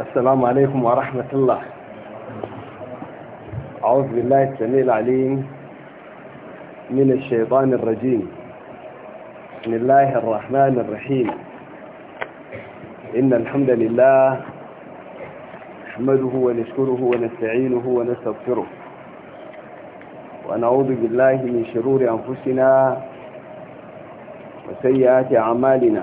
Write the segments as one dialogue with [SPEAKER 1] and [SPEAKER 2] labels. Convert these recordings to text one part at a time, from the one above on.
[SPEAKER 1] السلام عليكم ورحمة الله أعوذ بالله السميع العليم من الشيطان الرجيم بسم الله الرحمن الرحيم إن الحمد لله نحمده ونشكره ونستعينه ونستغفره ونعوذ بالله من شرور أنفسنا وسيئات أعمالنا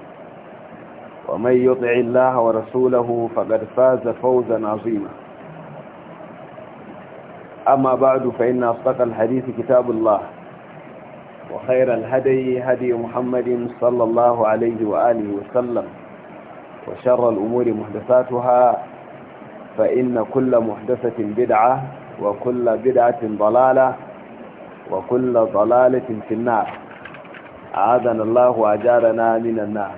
[SPEAKER 1] ومن يطع الله ورسوله فقد فاز فوزا عظيما أما بعد فإن أصدق الحديث كتاب الله وخير الهدي هدي محمد صلى الله عليه وآله وسلم وشر الأمور محدثاتها فإن كل محدثة بدعة وكل بدعة ضلالة وكل ضلالة في النار أعاذنا الله وأجارنا من النار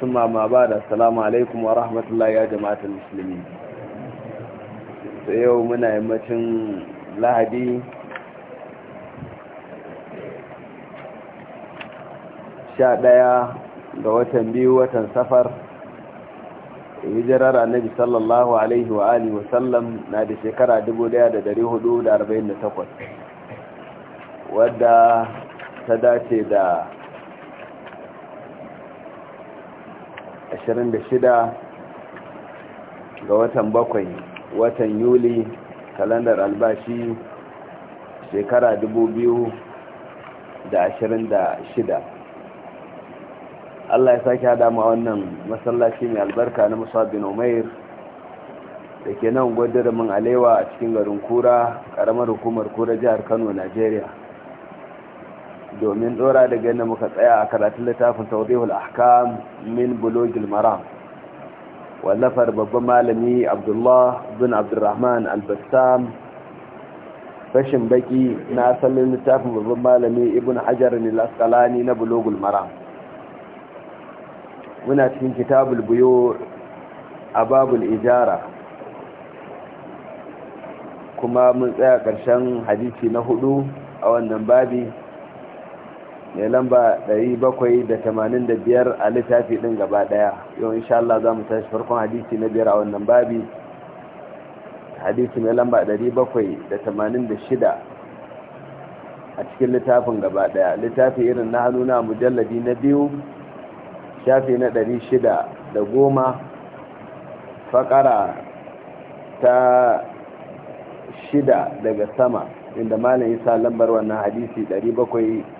[SPEAKER 1] ثم ما بعد السلام عليكم ورحمة الله يا جماعة المسلمين يومنا sha ɗaya ga watan biyu watan safar hijirar annabi sallallahu alaihi wa alihi na da shekara 1448 wadda ta dace da 26 ga watan bakwai watan yuli kalandar albashi shekara 2026 Allah ya sake hada ma wannan masallaci mai albarka na musabin umair da ke nan min alewa a cikin garin kura karamar hukumar kura jihar kano nigeria domin dora da yadda muka tsaya a karatun littafin taurihul ahkam min bulogil maram wallafar babban malami abdullah bin abdurrahman albassam fashin baki na asalin littafin babban malami ibn hajar ne laskalani na bulogil maram muna cikin kitabul buyo a babul ijara kuma mun tsaya ƙarshen hadisi na hudu a wannan babi mai lamba 785 a littafi din gaba daya yau insha Allah za mu tashi farkon hadisi na biyar a wannan babi hadisi mai lamba 786 a cikin littafin gaba daya littafi irin na hannu na mujalladi na biyu shafi na 610 fakara ta shida daga sama inda malam sa lambar wannan hadisi 700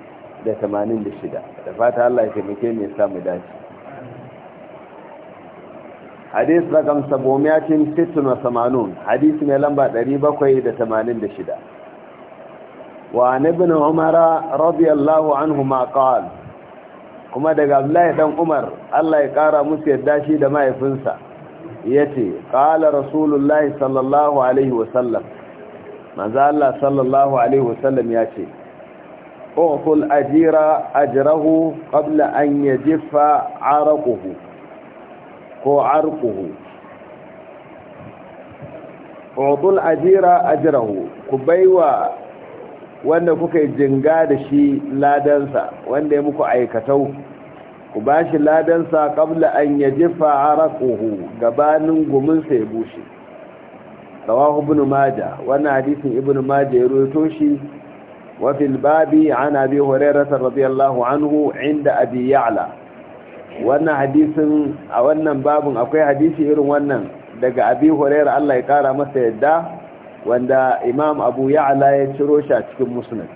[SPEAKER 1] da tamanin da shida da fata Allah ya taimake mai samu dace hadis rakam sabomiyatin sittin wa samanun hadis mai lamba 786 bakwai da tamanin da shida wa ibn umara radiyallahu anhu ma qala kuma daga Abdullahi dan Umar Allah ya kara musu yadda shi da mahaifinsa yace qala rasulullahi sallallahu alaihi wasallam manzo Allah sallallahu alaihi wasallam yace أعطوا ajira أجره قبل أن يجف عرقه هو عرقه wanda kuka jinga da shi ladansa wanda ya muku aikatau ku ba shi ladansa kabla an ya jifa arakuhu gabanin sa ya bushe rawahu ibn maja wannan hadisin ibn maja ya roto shi وفي الباب عن أبي هريرة رضي الله عنه عند أبي يعلى wannan hadisin a wannan babin akwai hadisi irin wannan daga abi huraira Allah ya kara masa yadda wanda imam abu ya'la ya ciro shi a cikin musnad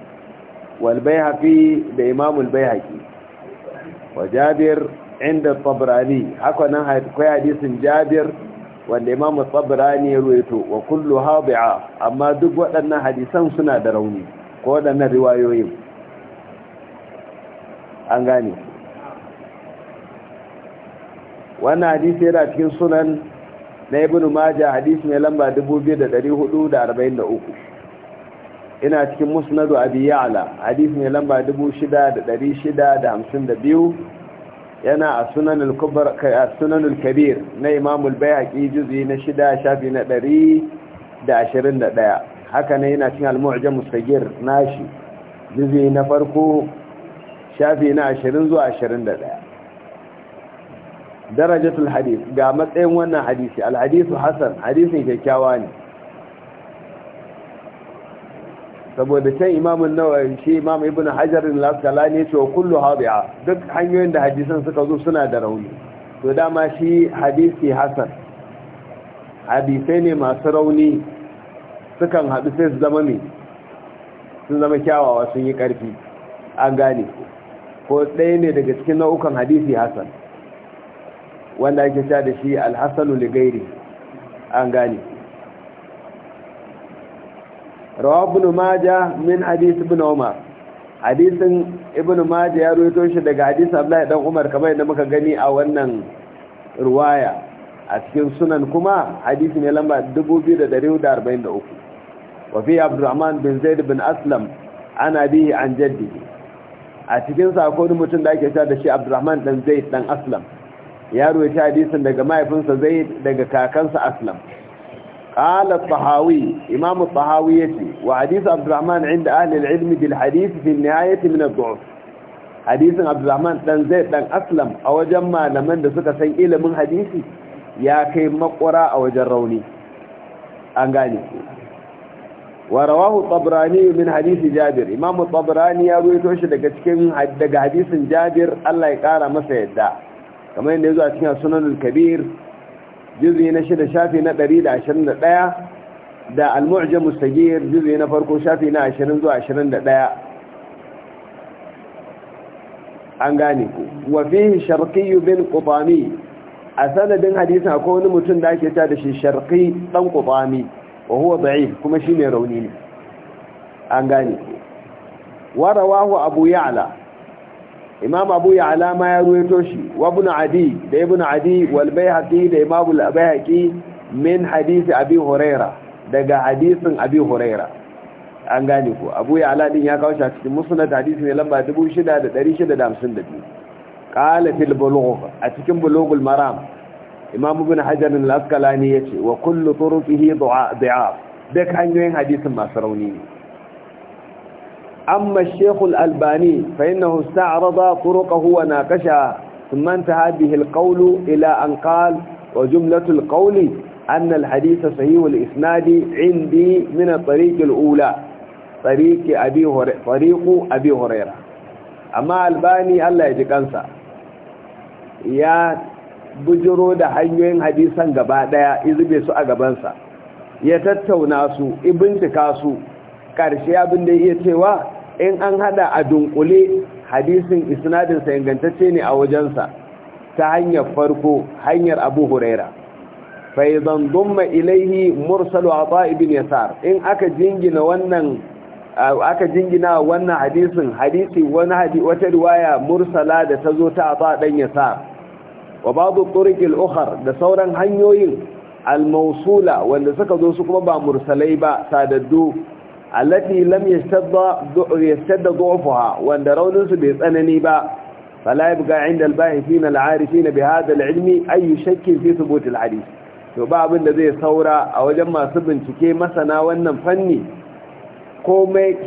[SPEAKER 1] wal bayhaqi da imam al bayhaqi wa jabir inda tabrani haka nan akwai hadisin jabir wanda ya ruwaito wa kullu hadi'a amma duk waɗannan hadisan suna da rauni ko waɗannan riwayoyin an gane wannan hadisi yana cikin sunan na ibn maja hadisi mai lamba 2443 ina cikin musnadu abi ya'la hadisi mai lamba 6652 yana a sunan al kubar kai a sunan al-kabir na imam al-bayhaqi juz'i na 6 shafi na 121 haka ne yana cin al-mu'jam mustagir nashi juzi na farko shafi na 20 zuwa 21 darajatul hadith ga matsayin wannan hadisi al-hadithu hasan hadisin kyakkyawa ne saboda can imamun nawa shi imam ibn hajar al-asqalani ce kullu habi'a duk hanyoyin da hadisan suka zo suna da rauni to dama shi hadisi hasan hadisai ne masu rauni sukan haɗu sai su zama mai sun zama kyawawa sun yi ƙarfi an gane ko ɗaya ne daga cikin nau'ukan hadisi Hassan? wanda ake sha da shi alhassanu ligairi an gane rawa ibn maja min hadisi bin umar hadisin ibn maja ya ruwaito shi daga hadisi abdullahi dan umar kamar yadda muka gani a wannan ruwaya a cikin sunan kuma hadisi ne lamba 2243 wafi abdurrahman bin zaid bin aslam ana bihi an jaddi a cikin sakon mutum da ake cewa da shi abdurrahman dan zaid dan aslam ya rubuta hadisin daga mahaifinsa zaid daga kakansa aslam قال الطحاوي إمام الطحاوية وحديث عبد الرحمن عند أهل العلم بالحديث في النهاية من الضعف حديث a الرحمن تنزيد لن أسلم أوجمع لمن دسك سيئل من حديثي يا كيم مقرى أوجروني أنقاني wa rawahu tabrani min hadisi jabir imamu tabrani ya ruwaito shi daga cikin daga hadisin jabir Allah ya kara masa yadda kamar yadda yazo a cikin sunanul kabir juz'i na shida shafi na 121 da al-mu'jam as-saghir juz'i na farko shafi na 20 zuwa 21 an gane ku wa fihi sharqi bin qutami a sanadin hadisin akwai wani mutum da ake ta da shi sharqi dan qutami wa huwa da'if kuma shi rauni ne an gane wa rawahu abu ya'la imam abu ya'la ma ya ruwaito shi wa ibn adi da ibn adi wal bayhaqi da imam al bayhaqi min hadisi abi huraira daga hadisin abi huraira an gane ko abu ya'la din ya kawo shi a cikin musnad hadisi ne lamba 6652 qala fil bulugh a cikin bulughul maram imamu bin hajar al-asqalani yace wa kullu turuqihi du'a duk hanyoyin hadisin masu rauni ne amma shaykh al-albani fa innahu sta'rada turuqahu wa naqasha thumma intaha bihi al-qawlu ila an qala wa jumlatu al-qawli anna al-hadith sahih al-isnad 'indi min at-tariq al-ula tariq abi hurairah tariq abi hurairah amma albani Allah ya ji kansa ya bujiro da hanyoyin hadisan gaba daya izube su a gabansa ya tattauna su bincika su ƙarshe abin da iya cewa in an hada a dunkule hadisin isnadinsa ingantacce ne a wajensa ta hanyar farko hanyar abu huraira zan dumma ilaihi mursalu ata ibn yasar in aka jingina wannan aka jingina wannan hadisin hadisi wani wata riwaya mursala da ta zo ta ata ɗan yasar wa babu turikil ukhar da sauran hanyoyin al-mawsula wanda suka zo su kuma ba mursalai ba sadaddu allati lam yashtadda yashtadda du'fuha wanda raunin su bai tsanani ba fala yabqa 'inda al-bahithin al-'arifin bi hadha al-'ilmi ay shakkin fi thubut al-hadith to ba abin da zai saura a wajen masu bincike masana wannan fanni komai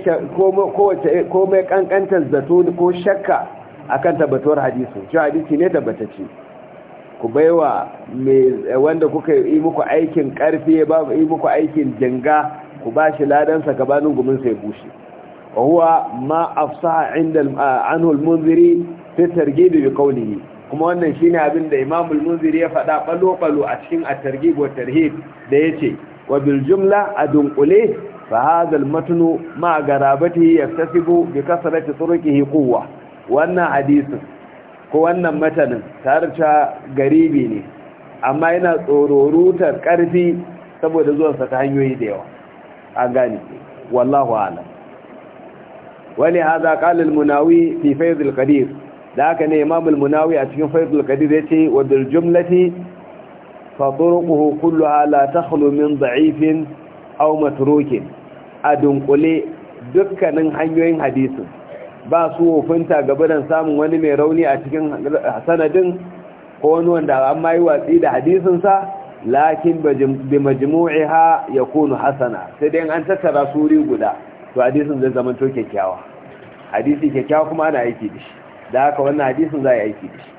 [SPEAKER 1] kankantar zato ko shakka akan tabbatuwar hadisi shi hadisi ne tabbatacce ku baiwa eh, wanda kuka yi muku aikin karfi ya ba yi muku aikin jinga ku ba shi ladansa gabanin gumin sai bushe wa huwa ma afsaha inda ah, anhu munziri fi targhib bi qawlihi kuma wannan shine abin da Imam al-Munziri ya faɗa balo balo a cikin at-targhib wa tarhib da yace wa bil jumla adunqule fa hadha al-matnu ma garabati yaktasibu bi kasrati turuqihi quwwa wannan hadisin ko wannan matanin tarca garibi ne amma yana tsororutar ƙarfi saboda zuwansa ta hanyoyi da yawa a gane wallahu ala. wani haza ƙalil munawi fi faizul qadir da haka ne imamul munawi a cikin faizul qadir yace wa dil jumlati fa turuquhu kulluha la takhlu min da'ifin aw a dunkule dukkanin hanyoyin hadisin ba su wofinta gabanin samun wani mai rauni a cikin sanadin ko wani wanda an ma watsi da hadisinsa lakin bi ya kunu hasana sai dai an tattara suri guda to hadisin zai zama to kyakkyawa hadisi kyakkyawa kuma ana aiki da shi da haka wannan hadisin za a yi aiki da shi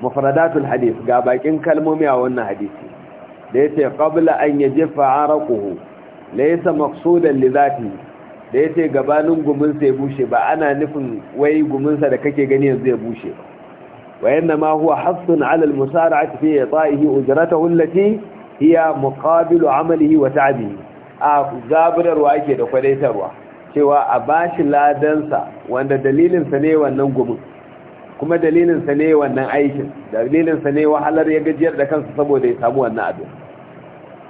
[SPEAKER 1] Mufradatul hadis ga bakin kalmomi a wannan hadisi da yace qabla an yajfa araquhu laysa maqsudan li dhatihi da ya ce gabanin guminsa ya bushe ba ana nufin wai guminsa da kake gani yanzu ya bushe ba wayan ma huwa hassun alal musara a tafiye ya tsa'ihi ujirata hullati iya mukabilu amalihi wa ta'abi a zaburarwa ake da kwadaitarwa cewa a bashi ladansa wanda dalilinsa ne wannan gumin kuma dalilinsa ne wannan aikin dalilinsa ne wahalar ya gajiyar da kansa saboda ya samu wannan abin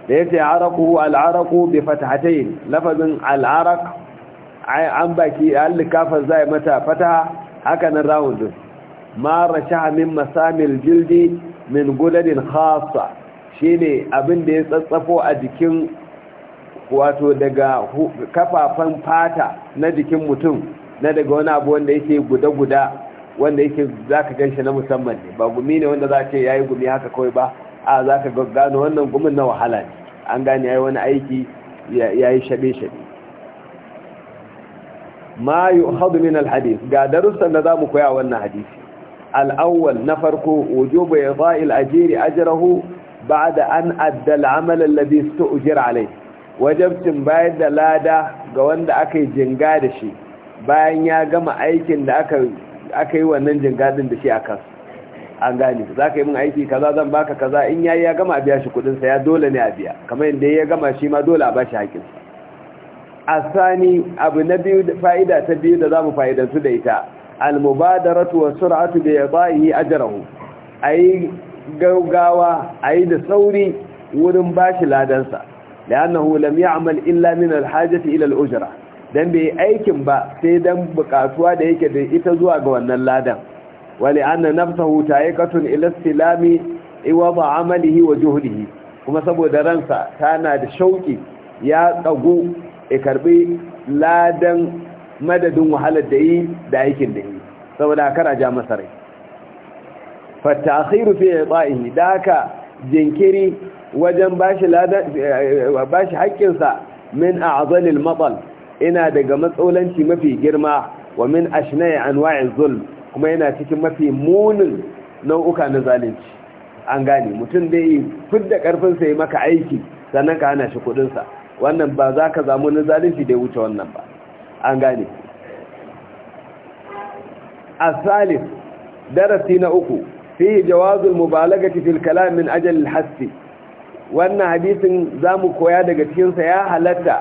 [SPEAKER 1] da ya ce araku al'araku bi fatahatayn lafazin al'arak an baki allikafa zai mata fata haka nan rawun mara ma min masamil jildi min guladin shi shine abin da ya tsatsafo a jikin wato daga kafafan fata na jikin mutum na daga wani abu wanda yake guda-guda wanda yake za ka ganshi na musamman ne ba gumi ne wanda za ce ya yi gumi haka kawai ba a zaka gano wannan gumin na wahala ne an gane yi wani aiki ya yi shabe-shabe ma haɗu min alhadith ga darussan da mu koya wannan hadisi Al'awwal na farko wujubu ida'i al-ajiri ba da an adda al-amal ta ujir alai wajabcin bayar da lada ga wanda aka yi jinga da shi bayan ya gama aikin da aka yi wannan jinga din da shi a kan an gani za ka yi min aiki kaza zan baka kaza in yi ya gama a biya shi kudinsa sa ya dole ne a biya kamar yadda ya gama shi ma dole a bashi haƙinsa A sani, abu na biyu fa'ida ta biyu da zamu fa'idansu da ita almubadaratu wa sur'atu bi yadahi ajrahu Ai gaugawa ayi da sauri wurin bashi ladansa li'annahu lam ya'mal illa min hajati Ilal ujra dan bai aikin ba sai dan bukatuwa da yake da ita zuwa ga wannan ladan wali anna nafsuhu ta'iqatun ila istilami wa juhdihi kuma saboda ransa tana da shauki ya tsago ya karbi ladan madadin wahalar da yi da aikin da yi saboda kara ja masa rai fata akhiru fi ya'ihi da haka jinkiri wajen bashi ladan eh, bashi haƙƙinsa min a'zalil matal ina daga matsolanci mafi girma wa min ashnai anwa'i zulm kuma yana cikin mafi munin nau'uka na zalunci an gane mutum da yi fidda karfin yi maka aiki sannan ka hana shi sa wannan ba za ka zamu na zalunci da wuce wannan ba an gane salif darasi na uku fi jawazul mubalagati fil kalam min ajal wannan hadisin za mu koya daga cikin ya halatta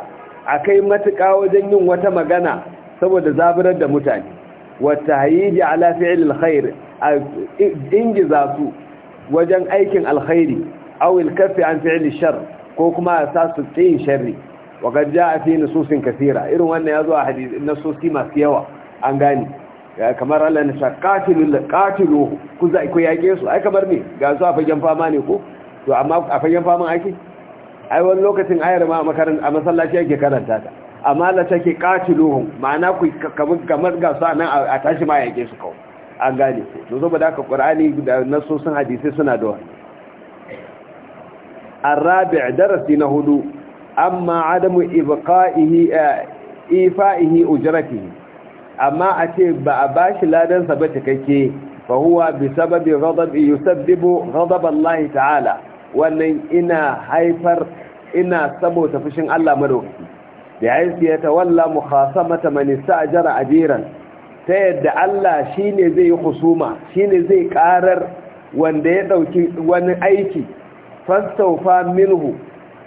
[SPEAKER 1] a kai matuƙa wajen yin wata magana saboda zaburar da mutane wa tahyiji ala fi'l a ingi ingiza su wajen aikin alkhairi awil kafi an fi'il shar ko kuma a sa su tsayin sharri wa ja a fi nususin kasira irin wannan ya zo a hadisi nasosi masu yawa an gani kamar Allah na shaqatilu katilu ku za ku yaƙe su ai kamar ne ga su a fagen fama ne ko to amma a fagen faman ake ai wani lokacin ayar ma a makaranta a masallaci ake karanta ta amma la ke katilu ma'ana ku kamar ga su nan a tashi ma yaƙe su kawai an gane to da ka qur'ani da nasosin hadisi suna da wani الرابع درس نهدو أما عدم إبقائه إيفائه أجرته أما أتي بأباش لا دنس بتككي فهو بسبب غضب يسبب غضب الله تعالى وأن إنا حيفر إنا سبو تفشن الله مروح بحيث يتولى مخاصمة من استعجر أجيرا ta yadda Allah زي خصومة zai زي كارر وان ne zai وان ايكي fastaufa Familhu,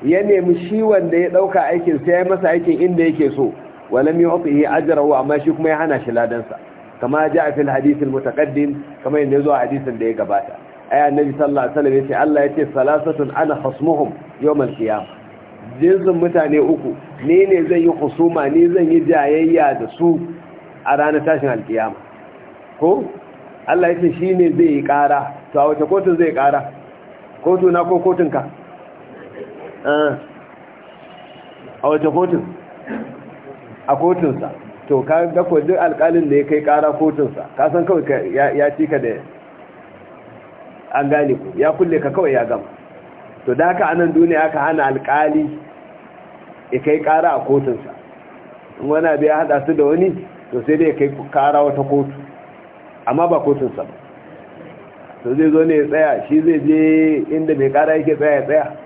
[SPEAKER 1] ya nemi shi wanda ya dauka aikin sai ya masa aikin inda yake so walam yu'tihi ajrahu amma shi kuma ya hana shi ladansa kama a fil hadith al mutaqaddim kama yanda zuwa hadisin da ya gabata aya annabi sallallahu alaihi wasallam yace Allah yace salasatun ana khasmuhum yawm al qiyam jinsin mutane uku ne ne zan yi husuma ne zan yi jayayya da su a ranar tashin alkiyama ko Allah yace shine zai yi kara to a wace kotu zai kara kotu na ko kotunka ah. a wace kotun a kotunsa to ka ga ko duk alƙalin da ya kai ƙara kotunsa ka san kawai ya ci ka da an gane ku ya kulle ka kawai ya gama to da haka anan duniya aka hana alƙali ya kai ƙara a kotunsa in wani abu ya haɗa su da wani to sai dai ya kai ƙara wata kotu amma ba kotunsa ba to zai zo ne ya tsaya shi zai je inda mai kara yake tsaya tsaya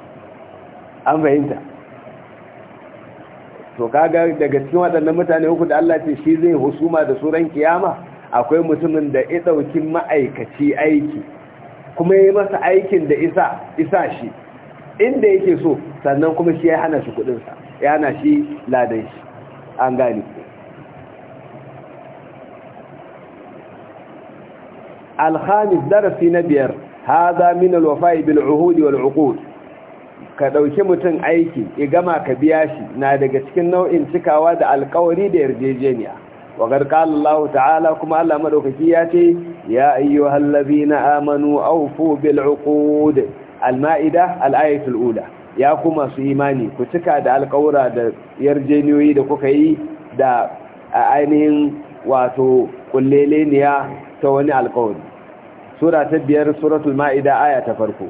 [SPEAKER 1] an fahimta to kaga daga cikin waɗannan mutane uku da Allah ce shi zai husuma da suran kiyama akwai mutumin da ya ɗauki ma'aikaci aiki kuma ya yi masa aikin da isa shi inda yake so sannan kuma shi ya hana shi kuɗinsa ya hana shi ladan an gani alhamis darasi na biyar haza min alwafa'i bil uhudi wal uqud ka dauki mutum aiki ya gama ka biya shi na daga cikin nau'in cikawa da alkawari da yarjejeniya wa qad Allah ta'ala kuma Allah madaukaki ya ce ya ayyuhal na amanu awfu bil uqud al-ma'ida al ula ya kuma su imani ku cika da alkawura da yarjeniyoyi da kuka yi da ainihin wato kulleleniya ta wani alkawari sura ta biyar suratul ma'ida aya ta farko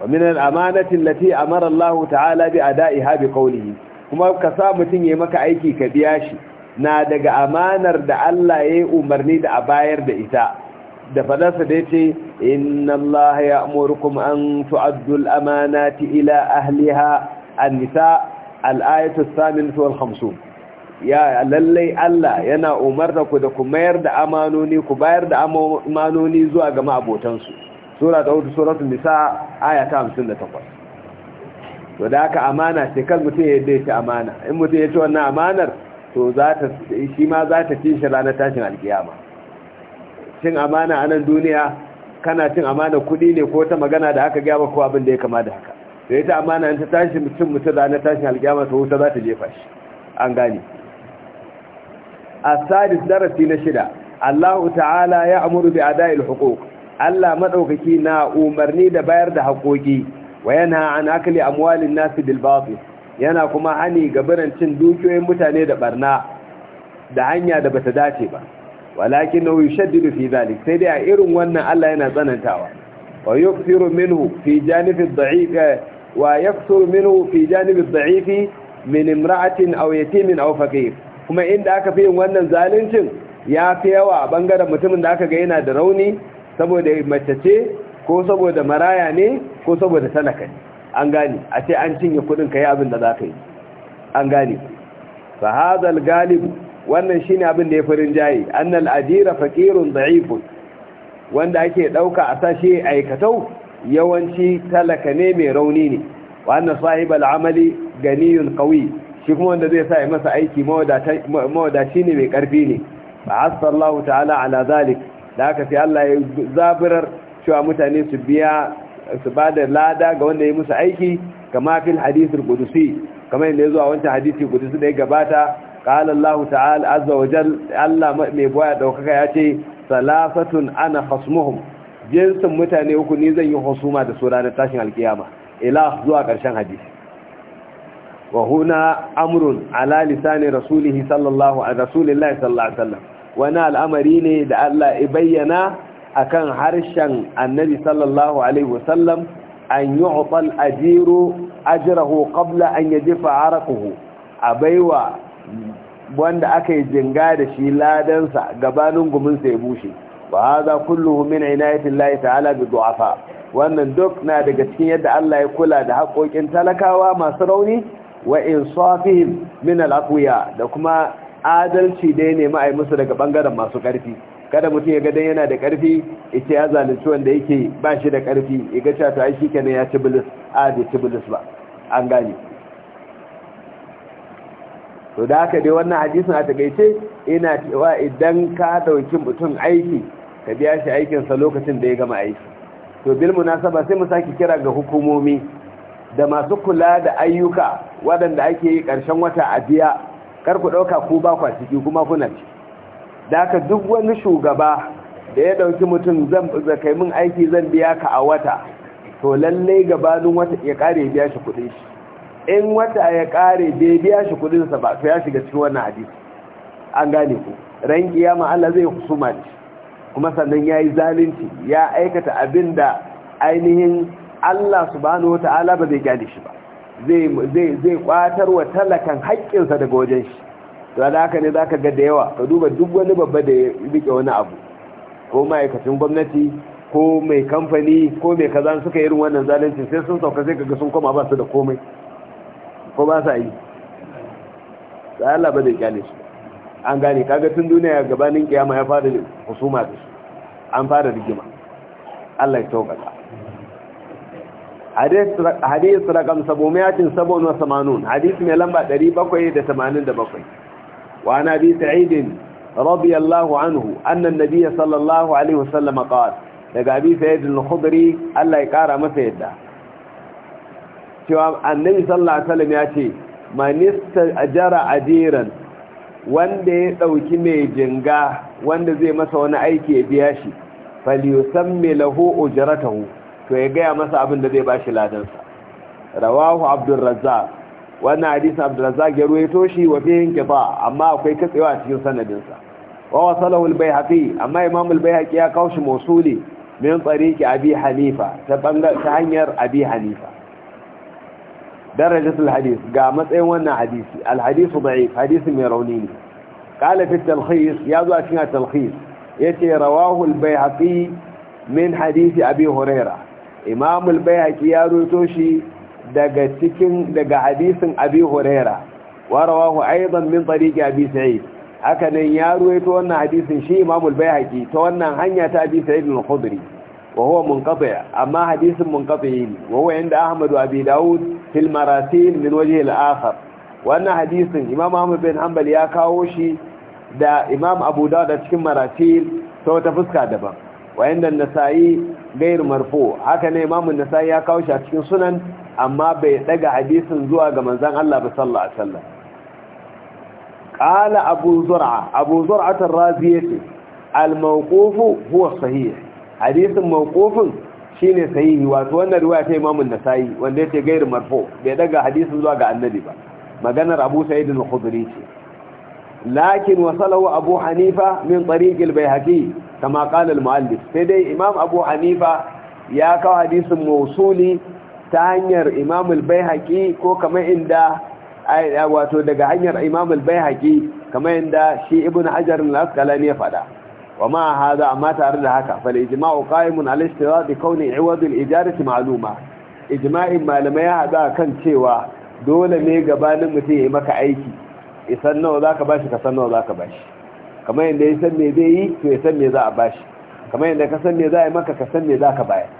[SPEAKER 1] wa min al a allati amara Allah ta'ala bi ada'iha bi qawlihi kuma ka sa mutun yayi maka aiki ka biya shi na daga amanar da Allah yayi umarni da a bayar da ita da fadarsa da yace inna Allah ya'murukum an tu'addu al-amanati ila ahliha an-nisa al-ayatu ath-thaminatu ya lallai Allah yana umarta ku da ku mayar da amanoni ku bayar da amanoni zuwa ga ma'abotansu sura ta hudu suratul nisa aya ta takwas to da aka amana ce kan mutum ya yadda ta amana in mutum ya ci wannan amanar to shi ma za ta cin shi ranar tashin alkiyama cin amana a nan duniya kana cin amana kuɗi ne ko ta magana da aka gaba ko abin da ya kama da haka da ita amana in ta tashi mutum mutum ranar tashin alkiyama to wuta za ta jefa shi an gane A asadis darasi na shida Allahu ta'ala ya amuru bi ada'il huquq Allah maɗaukaki na umarni da bayar da haƙoƙi wa yana an akli amwalin nas bil batil yana kuma hani ga cin dukiyoyin mutane da barna da hanya da bata dace ba walakin hu yushaddidu fi zalik sai dai a irin wannan Allah yana tsanantawa wa yukthiru minhu fi janibi ad-da'if wa fi janibi ad-da'if min imra'atin kuma inda aka fi yin wannan zaluncin ya fi yawa a bangaren mutumin da aka ga yana da rauni saboda mace ko saboda maraya ne ko saboda talaka ne an gane a ce an cinye kudin ka yi abin da za ka yi an gane fa hadal galib wannan shi ne abin da ya farin jayi annal adira faqirun da'ifun wanda ake ɗauka a sashi aikatau yawanci talaka ne mai rauni ne wa anna sahibal amali ganiyun qawi shi kuma wanda zai sa ya masa aiki mawadaci ne mai karfi ne ba hasa Allah ta'ala ala zalik da aka sai Allah ya zaburar cewa mutane su biya su ba da lada ga wanda ya musu aiki kama fil hadisul qudusi kamar yadda ya zuwa wancan hadisi qudusi da ya gabata qala Allah ta'ala azza wa Allah mai boya ɗaukaka ya ce salasatun ana khasmuhum jinsin mutane uku ne zan yi husuma da su ranar tashin alkiyama ila zuwa karshen hadisi wa huna amrun ala lisani rasulihi sallallahu alaihi rasulillahi sallallahu wani al'amari ne da Allah ya bayyana akan harshen annabi sallallahu alaihi wasallam an yu'ta al-ajiru ajirahu qabla an yajfa A baiwa wanda aka yi jinga da shi ladansa gabanin guminsa ya bushe wa haza kulluhu min inayatillahi ta'ala bi du'afa wannan duk na daga cikin yadda Allah ya kula da haƙoƙin talakawa masu rauni wa insafihim min al-aqwiya da kuma adalci da ya nemi a yi musu daga bangaren masu ƙarfi kada mutum ya ga dan yana da ƙarfi yace ya zalunci wanda yake ba shi da ƙarfi ya ga cewa ai shi kenan ya ci bilis a da ci bilis ba an gane to da haka dai wannan hadisin a takaice ina cewa idan ka dauki mutum aiki ka biya shi aikinsa lokacin da ya gama aiki to bil munasaba sai mu saki kira ga hukumomi da masu kula da ayyuka waɗanda ake yi ƙarshen wata a biya kar ɗauka ku ba kwa ciki kuma kuna ci da aka duk wani shugaba da ya ɗauki mutum zan kai min aiki zan biya ka a wata to lallai gabanin wata ya ƙare biya shi kuɗin shi in wata ya ƙare bai biya shi kuɗinsa ba to ya shiga cikin wannan hadisi an gane ku ran kiyama Allah zai husuma shi kuma sannan yayi zalunci ya aikata abin da ainihin Allah subhanahu ta'ala ba zai gane shi ba zai kwatar wa talakan haƙƙinsa daga wajen shi to da haka ne za ka ga da yawa ka duba duk wani babba da ya rike wani abu ko ma'aikacin gwamnati ko mai kamfani ko mai kaza suka yi irin wannan zalunci sai sun sauka sai kaga sun koma ba su da komai ko ba sa yi sai Allah ba zai kyale shi an gane kaga tun duniya gabanin kiyama ya fara husuma da shi an fara rigima Allah ya sauƙaƙa hadis rakam samanun hadis mai lamba 787 wa ana bi sa'id radiyallahu anhu anna an-nabiy sallallahu alaihi wasallam qala daga abi sa'id al-khudri Allah ya kara masa yadda cewa annabi sallallahu alaihi wasallam ya ce man istajara ajiran wanda ya dauki mai jinga wanda zai masa wani aiki ya biya shi falyusammi lahu ujratahu to ya gaya masa abin da zai bashi ladansa rawahu abdurrazzaq wannan hadisi abdurrazzaq ya ruwaito shi wa fihi inqita amma akwai katsewa a cikin sanadinsa wa wasalahu al-baihaqi amma imam al-baihaqi ya kawo shi mawsuli min tsariki abi hanifa ta bangar ta hanyar abi hanifa darajatul hadis ga matsayin wannan hadisi al-hadisu da'if hadisi mai rauni ne qala fi talkhis ya zo a cikin talkhis yace rawahu al-baihaqi min hadisi abi hurairah imamul bayhaqi ya roto shi daga cikin daga hadisin abi huraira wa aidan min tariqi abi sa'id haka nan ya roto wannan hadisin shi imamul bayhaqi ta wannan hanya ta abi sa'id al-khudri wa huwa munqati' amma hadisin munqati' wa huwa inda ahmad wa abi daud fil marasil min wajhi al-akhar wannan hadisin imam ahmad bin hanbal ya kawo shi da imam abu daud cikin marasil ta fuska daban wa inda nasa'i gair marfu haka ne imamu nasayi ya kawo shi a cikin sunan amma bai daga hadisin zuwa ga manzon Allah ba sallallahu alaihi wasallam qala abu zur'a abu zur'a ar al mawqufu huwa sahih hadisin mawqufin shine sahihi wato wannan riwaya ta imamu nasayi wanda yake gair marfu bai daga hadisin zuwa ga annabi ba maganar abu sa'id al-khudri ce lakin wasala'u abu hanifa min tariqil bayhaqi kama qala al-muallif sai dai imam abu hanifa ya kawo hadisin mausuli ta hanyar imam al-bayhaqi ko kamar inda wato daga hanyar imam al-bayhaqi kamar inda shi ibnu hajar al-asqalani ya fada وما هذا ما تعرض هكا فالإجماع قائم على maluma. كون عوض الإجارة معلومة إجماع ما لم يهدى كان شوى دولة ميقبان متيه مكا عيكي isan nawa za ka bashi ka san nawa za ka bashi kamar yadda ya san me zai yi to ya san me za a bashi kamar yadda ka san me za a yi maka ka san me za ka bayar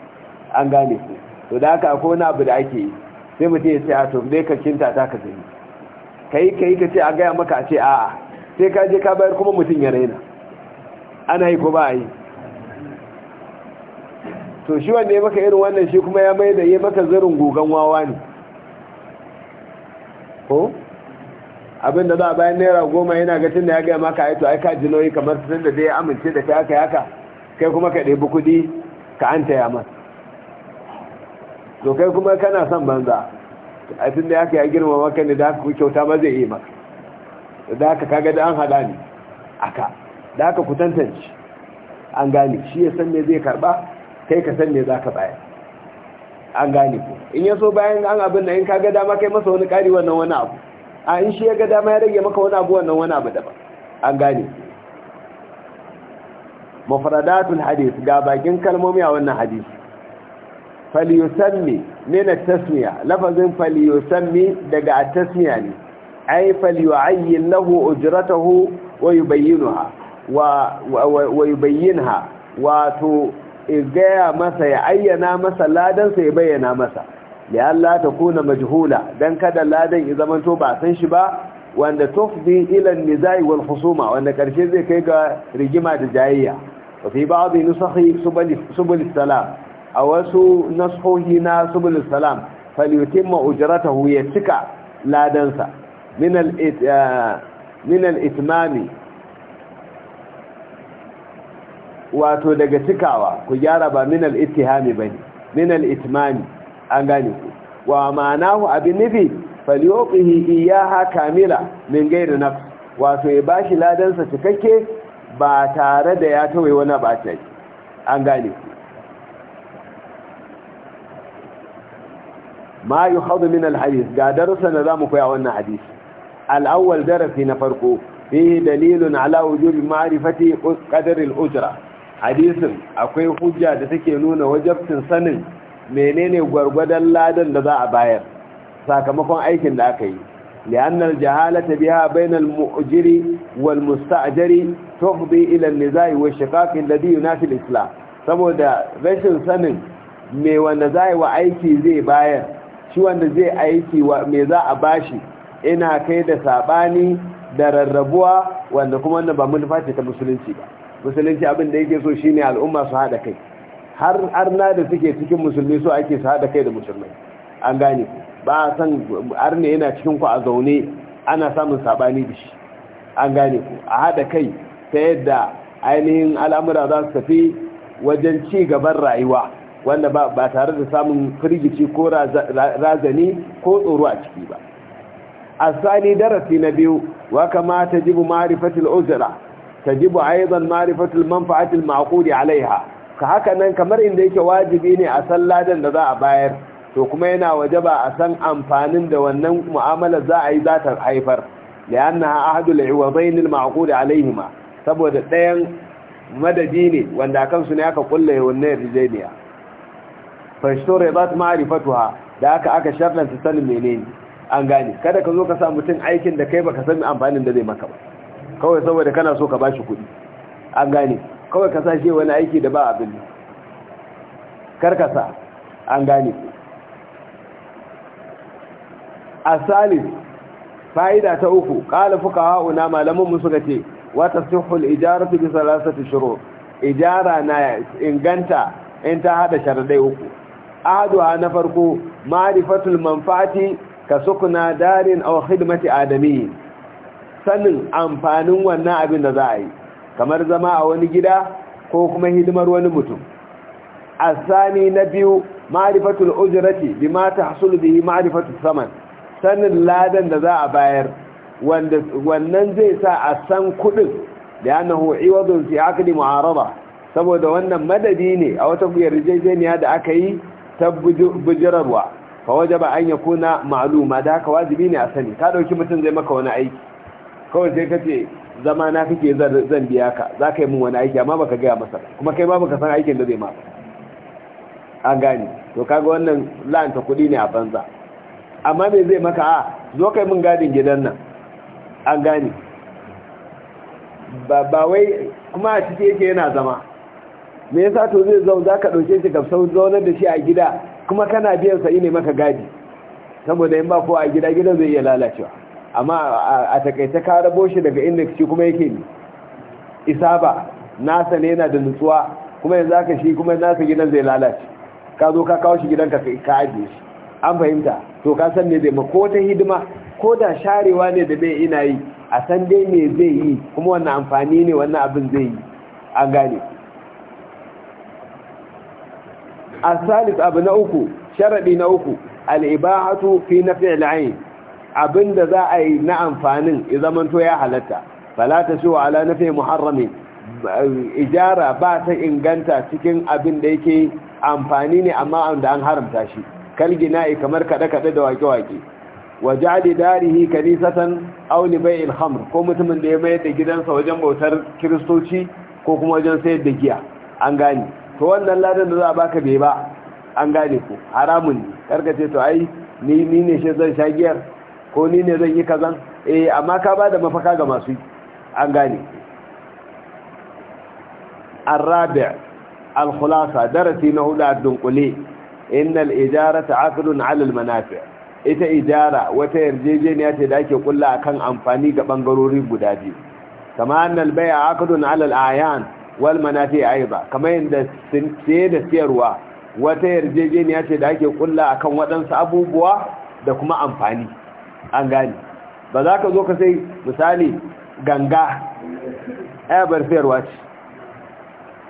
[SPEAKER 1] an gane ku to da haka akwai wani abu da ake yi sai mutum ya ce a to dai ka kinta ta ka gani ka yi ka yi ka ce a gaya maka a ce a'a sai ka je ka bayar kuma mutum ya raina ana yi ko ba a yi to shi wanda ya maka irin wannan shi kuma ya mai da ya maka zirin gugan wawa ne ko abin da za a bayan naira goma yana ga tun da ya gaya maka aito ai ka ji nauyi kamar tun da dai amince da ta aka yaka kai kuma ka ɗebi kuɗi ka an taya masa to kai kuma kana son banza a tun da haka ya girma maka ne da haka kyauta ma zai yi maka da haka kaga da an haɗa ne aka da haka ku tantance an gane shi ya san me zai karɓa kai ka san me za ka bayar an gane ku in ya so bayan an abin da in kaga dama kai masa wani ƙari wannan wani abu a in shi ya ga dama ya rage maka wani abu nan wani abu daban an gane mafradatul hadith ga bakin kalmomi a wannan hadith falyusammi min tasmiya lafazin falyusammi daga a tasmiya ne Ai falyu'ayyin lahu ujratahu wa yubayyinuha wa wa yubayyinha wato igaya masa ya ayyana masa Ladansa ya bayyana masa ya Allah ta kuna majhula dan kada ladan ya zamanto ba san shi ba wanda tufdi ila nizai wal husuma wanda karshe zai kai ga rigima da jayayya wa fi ba'd nusahi subul salam a wasu nashohi na subul salam falyutimma ujratahu ya cika ladansa min al eh, min al itmami wato daga cikawa ku gyara ba min al ittihami bane min al itmami an gane ku wa ma'anahu abin nufi falyoƙihi iyaha kamila min gaida na. wato ya ba shi ladansa cikakke ba tare da ya tawaye wani ba an gane ku ma yi min alhadis ga darussa da za mu koya wannan hadis al'awwal darasi na farko fihi dalilun ala wujubi ma'rifati qadar al-ujra hadisin akwai hujja da take nuna wajabcin sanin menene gwargwadon ladan da za a bayar sakamakon aikin da aka yi Mujiri, wal musta'jiri بين ila والمستأجر تفضي wa النزاع alladhi yunafi al Islam. saboda rashin sanin me wanda zai wa aiki zai bayar shi wanda zai aiki wa me za a bashi ina kai da sabani da rarrabuwa wanda kuma wannan ba mun ce ta musulunci ba musulunci abin da yake so shine al'umma su hada kai har arna da suke cikin musulmi so ake su haɗa kai da musulmi? an gane ba san arne yana cikin ku a zaune ana samun sabani da shi an gane ku a hada kai ta yadda ainihin al'amura za su tafi wajen ci gaban rayuwa wanda ba tare da samun firgici ko razani ko tsoro a ciki ba darasi الثاني درسي نبيو وكما تجب معرفة العزلة تجب أيضا معرفة manfa'atul المعقود alaiha. ka haka nan kamar inda yake wajibi ne a san ladan da za a bayar to kuma yana waje ba a san amfanin da wannan mu'amala za a yi za ta haifar li'annaha ahadul iwadain a maqud ma saboda ɗayan madadi ne wanda kansu ne aka kulle wannan yarjejeniya fashtore ba ta ma'arifatuwa da aka aka sharlanta sanin menene an gane kada ka zo ka sa mutum aikin da kai baka sami amfanin da zai maka ba kawai saboda kana so ka bashi kuɗi an gane kawai ka sa shi wani aiki da ba abin karkasa an gane a salis fa'ida ta uku ƙala fuka wa'una malamin mu suka ce wata sihul ijara lasa ta shiro. ijara na inganta in ta hada sharadai uku ahaduha na farko ma'arifatul manfati ka sukuna darin aw khidmati adami sanin amfanin wannan abin da za a yi kamar zama a wani gida ko kuma hidimar wani mutum asani na biyu ma'rifatul ujrati bima tahsul bihi ma'rifatus saman sanin ladan da za a bayar wannan zai sa a san kudin da annahu iwadun fi aqdi mu'arada saboda wannan madadi ne a wata yarjejeniya da aka yi ta bujirarwa fa wajaba an yakuna ma'luma da haka wajibi ne a sani ka dauki mutum zai maka wani aiki kawai sai ce. zama na kake zan biya ka za ka yi mun wani aiki amma baka gaya masa kuma kai ma baka san aikin da zai ma an gane to kaga wannan la'anta kuɗi ne a banza amma me zai maka a zo kai mun gadin gidan nan an gane ba wai kuma a cikin yake yana zama me yasa to zai zau za ka ɗauke shi kafsau zaunar da shi a gida kuma kana biyan sa ne maka gadi saboda in ba ko a gida gidan zai iya lalacewa amma a takaice ka rabo shi daga inda shi kuma yake ne isa ba nasa ne yana da nutsuwa kuma yanzu aka shi kuma nasa gidan zai lalace ka zo ka kawo shi gidan ka ajiye shi an fahimta to ka san ne zai ma ko ta hidima ko da sharewa ne da bai ina yi a san dai me zai yi kuma wannan amfani ne wannan abin zai yi an gane asalis abu na uku sharaɗi na uku al'ibahatu fi na fi'il'ayin abin da za a yi na amfanin ya zamanto ya halatta falata shi wa ala nafi muharrami ijara ba ta inganta cikin abin da yake amfani ne amma da an haramta shi kalgina'i kamar kaɗe-kaɗe da wake-wake waje darihi kanisatan auli, bai'il hamr ko mutumin da ya mayar da gidansa wajen bautar kiristoci ko kuma wajen sayar da giya an gane to wannan ladan da za a baka bai ba an gane ku haramun ne karkace to ai ni ne shi zan sha giyar ko ni ne zan yi kazan eh amma ka ba da mafaka ga masu an gane darasi na درسي نهولا الدنقلي إن الإجارة عقد على manafi ita ijara wata yarjejeniya ce da ake kulla akan amfani ga bangarori guda biyu kama annal bai'a aqdun 'ala al-ayan wal manafi' aiba kama yadda sai da siyarwa wata yarjejeniya ce da ake kulla akan waɗansu abubuwa da kuma amfani an gani ba za ka zo ka sai misali ganga bar sayarwa ce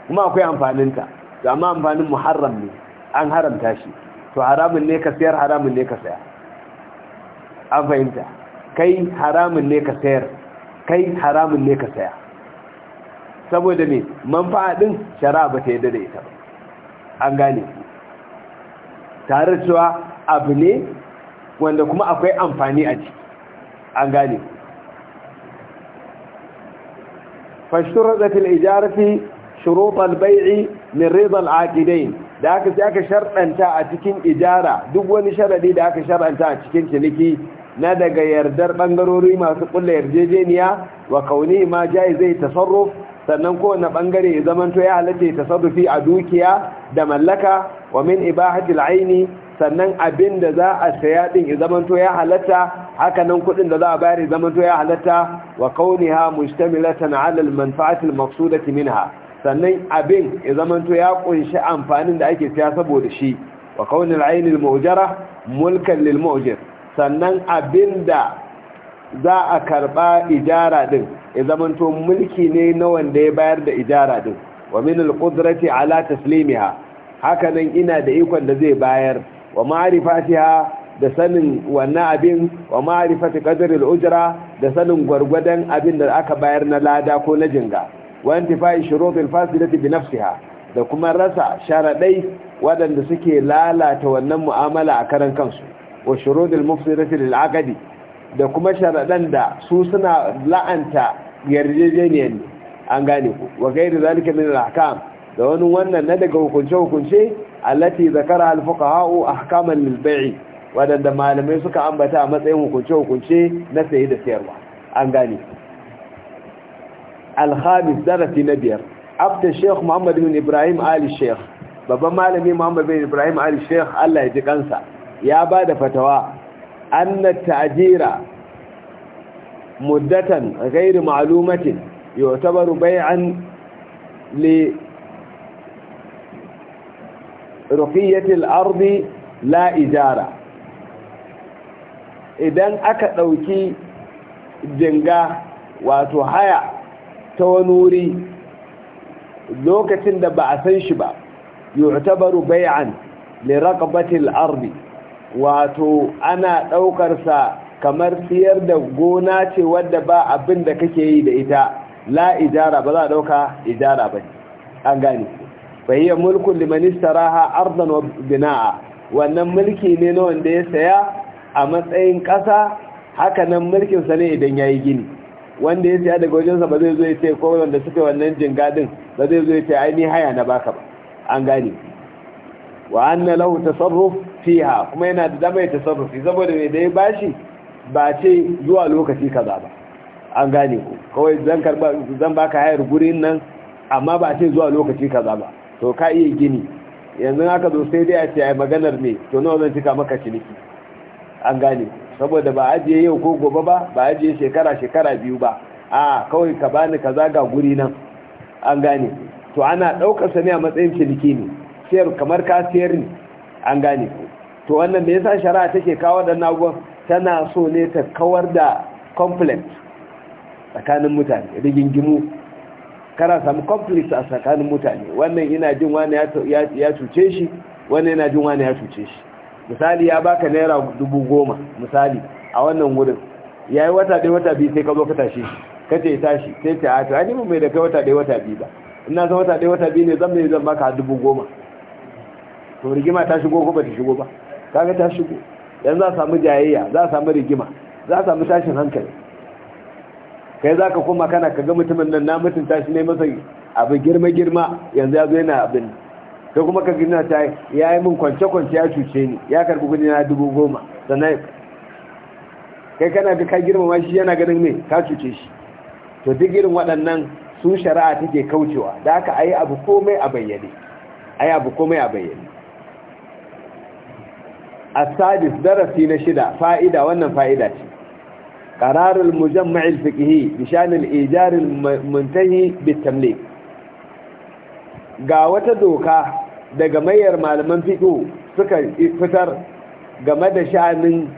[SPEAKER 1] kuma akwai amfaninta amma amfanin muharram ne an haramta shi to haramun ne ka sayar haramun ne ka saya an fahimta kai haramun ne ka sayar kai haramun ne ka saya saboda ne manfaɗin shara'a ba ta yi da ita ba an gane tare cewa abu ne wanda kuma akwai amfani a ciki an gane fashturat ijarati shurut min ridal aqidain da aka sai aka sharɗanta a cikin ijara duk wani sharadi da aka sharɗanta a cikin ciniki na daga yardar bangarori masu kulla yarjejeniya wa kauni ma jai zai tasarruf sannan kowane bangare ya zamanto ya halatta ya tasarrufi a dukiya da mallaka wa min ibahatil aini sannan abin da za a saya din ya zamanto ya halatta hakanan nan kudin da za a bayar ya zamanto ya halatta wa kauniha mustamilatan ala almanfa'ati almaqsudati minha sannan abin ya zamanto ya kunshi amfanin da ake saya saboda shi wa kauni alayn almu'jara mulkan lilmu'jir sannan abin da za a karba ijara din ya zamanto mulki ne na wanda ya bayar da ijara din wa min alqudrati ala taslimiha haka nan ina da ikon da zai bayar wa ma'rifatiha da sanin wannan abin wa ma'arifati qadril ujra da sanin gwargwadon abin da aka bayar na lada ko na jinga wa intifai shurutil fasilati bi nafsiha da kuma rasa Sharaɗai waɗanda suke lalata wannan mu'amala a karan kansu wa shurutil mufsidati lil aqdi da kuma sharadan da su suna la'anta yarjejeniyar ne an gane ku wa gairi min al-ahkam da wani wannan na daga hukunce hukunce allati zakara al-fuqaha'u ahkaman lil bai'i wadanda malamai suka ambata a matsayin hukunce hukunce na saye da sayarwa an gane al-khamis darasi na biyar after sheikh muhammad bin ibrahim ali sheikh babban malami muhammad bin ibrahim ali sheikh Allah ya ji kansa ya bada fatawa anna ta'jira muddatan ghairu ma'lumatin yu'tabaru bai'an li til ardi la ijara idan aka ɗauki jinga wato haya ta wani wuri lokacin da ba a san shi ba yu'tabaru bai'an li raqabatil ardi wato ana ɗaukarsa sa kamar siyar da gona ce wadda ba abin da kake yi da ita la ijara ba za a ɗauka ijara ba an gani. fa hiya mulkun liman raha arzan wa bina'a wannan mulki ne na wanda ya saya a matsayin ƙasa haka nan mulkin ne idan yi gini wanda ya saya daga wajensa ba zai zo ya ce ko wanda suka wannan jingadin ba zai zo ya ce ainihin haya na baka ba an gane wa na lahu tasarruf fiha kuma yana da damar tasarrufi saboda mai da ya bashi ba ce zuwa lokaci kaza ba an gane ku kawai zan zan baka hayar gurin nan amma ba ce zuwa lokaci kaza ba to ka iya gini yanzu haka zo sai dai a ce ai maganar me to nawa zan cika maka ciniki an gane saboda ba ajiye yau ko gobe ba ba ajiye shekara shekara biyu ba a kawai ka bani kaza ga guri nan an gane to ana ɗaukar sa ne a matsayin ciniki ne sayar kamar ka sayar ne an gane to wannan me yasa shari'a take kawo da nagon tana so ne ta kawar da complaint tsakanin mutane rigingimu kana samu conflict a tsakanin mutane wannan ina jin wani ya cuce shi wani yana jin wani ya cuce shi misali ya baka naira dubu goma misali a wannan wurin ya yi wata ɗaya wata biyu sai ka zo ka tashi shi ka ce tashi sai ta a an yi mai da kai wata ɗaya wata biyu ba ina san wata ɗaya wata biyu ne zan mai zan baka dubu goma to rigima ta shigo ko ba ta shigo ba kaga ta shigo yanzu za a samu jayayya za a samu rigima za a samu tashin hankali kai za ka koma kana ka ga mutumin nan na mutunta shi ne masa abin girma-girma yanzu ya zo yana abin kai kuma ka gina ta ya yi min kwance-kwance ya cuce ni ya karbi kudi na dubu goma sannan kai kana ga ka girmama shi yana ganin me ka cuce shi to duk irin waɗannan su shari'a take kaucewa da haka ayi abu komai a bayyane ayi abu komai a bayyane sadis darasi na shida fa'ida wannan fa'ida ce قرار المجمع الفقهي بشان الإيجار المنتهي بالتمليك ga wata doka daga mayar malaman fiƙo suka fitar game da shanin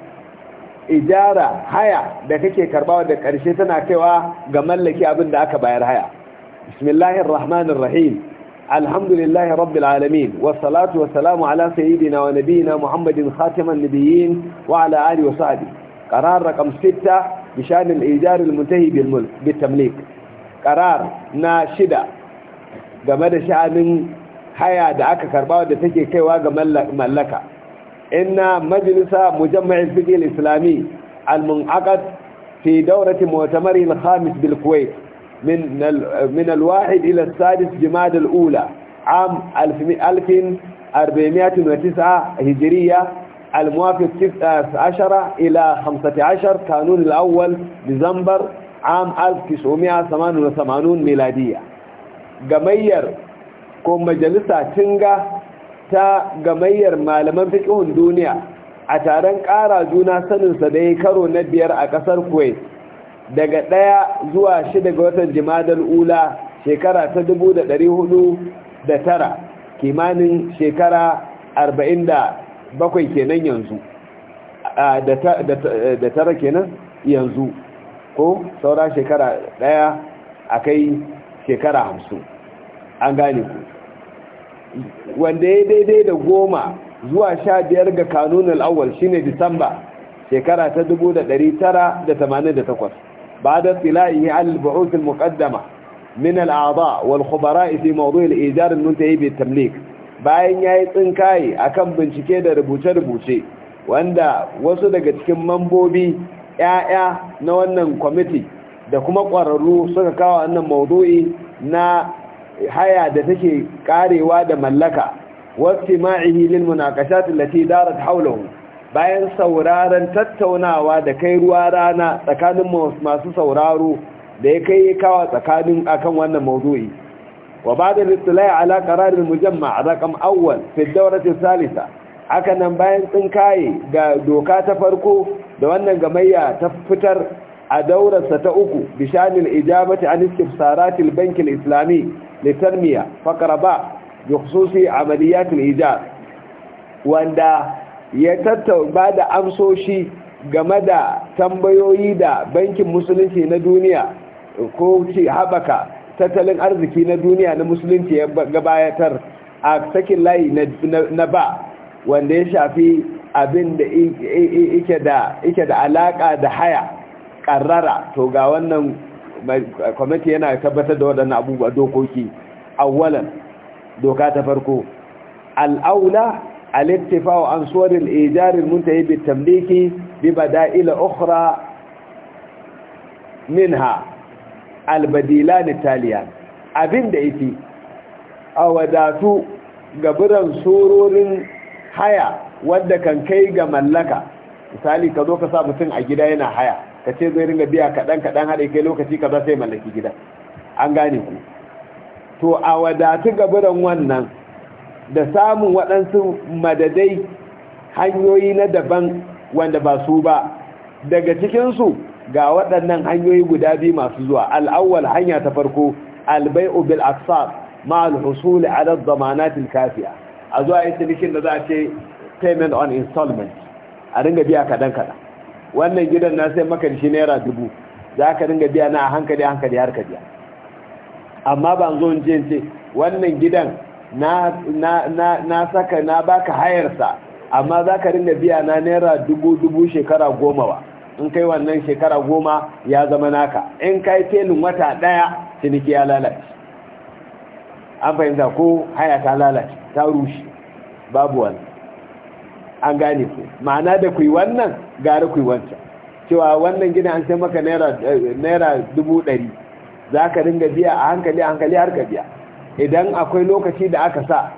[SPEAKER 1] ijara haya da kake karbawa da ƙarshe tana kaiwa ga mallaki abin da aka bayar haya bismillahir rahmanir rahim alhamdulillahi rabbil alamin wassalatu wassalamu ala sayyidina wa nabiyyina muhammadin khatiman nabiyyin wa ala alihi wa قرار رقم ستة بشأن الإيجار المنتهي بالملك بالتمليك قرار ناشدة game da sha'anin haya da aka karba da take kaiwa ga mallaka inna majlisa mujamma'i fiqh al-islami al-munaqad fi dawrati mu'tamari al-khamis bil kuwait min min al-1 ila al-sadis jumada al-ula عام 1409 هجريه الموافق 19 إلى 15 كانون الأول ديسمبر عام 1988 ميلادية جمير كون مجلسة تنغا ta gamayyar malaman fiƙihun duniya a taron ƙara juna saninsa da karo na biyar a ƙasar kuwait daga ɗaya zuwa shida ga watan jimadar ula shekara ta dubu da hudu da tara kimanin shekara arba'in da bakwai kenan yanzu da tara kenan yanzu ko saura shekara daya a kai shekara hamsin an gane ku wanda ya daidai da goma zuwa sha biyar ga kanunan awal shine disamba shekara ta dubu da da da dari tara tamanin takwas, ba da tsilayi al-bu'utul muqaddama min al-a'da wal khubara fi mawdu' al-ijar al-muntahi bi tamlik bayan ya yi tsinkaye a kan bincike da rubuce-rubuce wanda wasu daga cikin mambobi 'ya'ya na wannan kwamiti da kuma ƙwararru suka kawo wannan maudu'i na haya da take karewa da mallaka wasu ma'ihi lil munakashat allati darat hawlahu bayan sauraron tattaunawa da kai ruwa rana tsakanin masu sauraro da ya kai kawa tsakanin akan wannan maudu'i وبعد الاطلاع على قرار المجمع رقم أول في الدورة الثالثة nan bayan tsinkaye ga doka ta farko da wannan gamayya ta fitar a daurarsa ta uku bishanin ijabati an istifsaratil bankin islami litarmiya fakaraba da khususi amaliyatul ijab wanda ya tattauba da amsoshi game da tambayoyi da bankin musulunci na duniya ko ce haɓaka tattalin arziki na duniya na musulunci ya gabayatar a sakin layi na ba wanda ya shafi abin da ike da alaka da haya karrara to ga wannan kwamiti yana tabbatar da waɗannan abubuwa dokoki awwalan doka ta farko al'aula al'ittifawa an suwarin ijarin muntahi bitamliki bi ila min minha albadilan taliya abin da yake a wadatu gaburan sororin haya wadda kan kai ga mallaka misali ka zo ka sa mutum a gida yana haya ka ce zai ringa biya kaɗan kaɗan haɗe kai lokaci ka za sai mallaki gida an gane ku to a wadatu gaburan wannan da samun waɗansu madadai hanyoyi na daban wanda ba su ba daga cikinsu ga waɗannan hanyoyi guda biyu masu zuwa al'awwal hanya ta farko albai'u bil aqsar ma al husul ala al damanat al kafiya a zuwa yin cinikin da za a ce payment on installment a ringa biya kadan kadan wannan gidan na sai maka shi naira dubu za ka ringa biya na hankali hankali har ka biya amma ban zo in ce wannan gidan na na na na saka na baka hayarsa amma za ka ringa biya na naira dubu dubu shekara goma ba in kai wannan shekara goma ya zama naka in kai telin wata daya ciniki ya lalace an fahimta ko haya ta lalace ta rushe babu wani an gane ku ma'ana da ku yi wannan gara ku yi wancan cewa wannan gina an sai maka naira eh, dubu ɗari za ka ringa biya a hankali a hankali har ka biya idan akwai lokaci da aka sa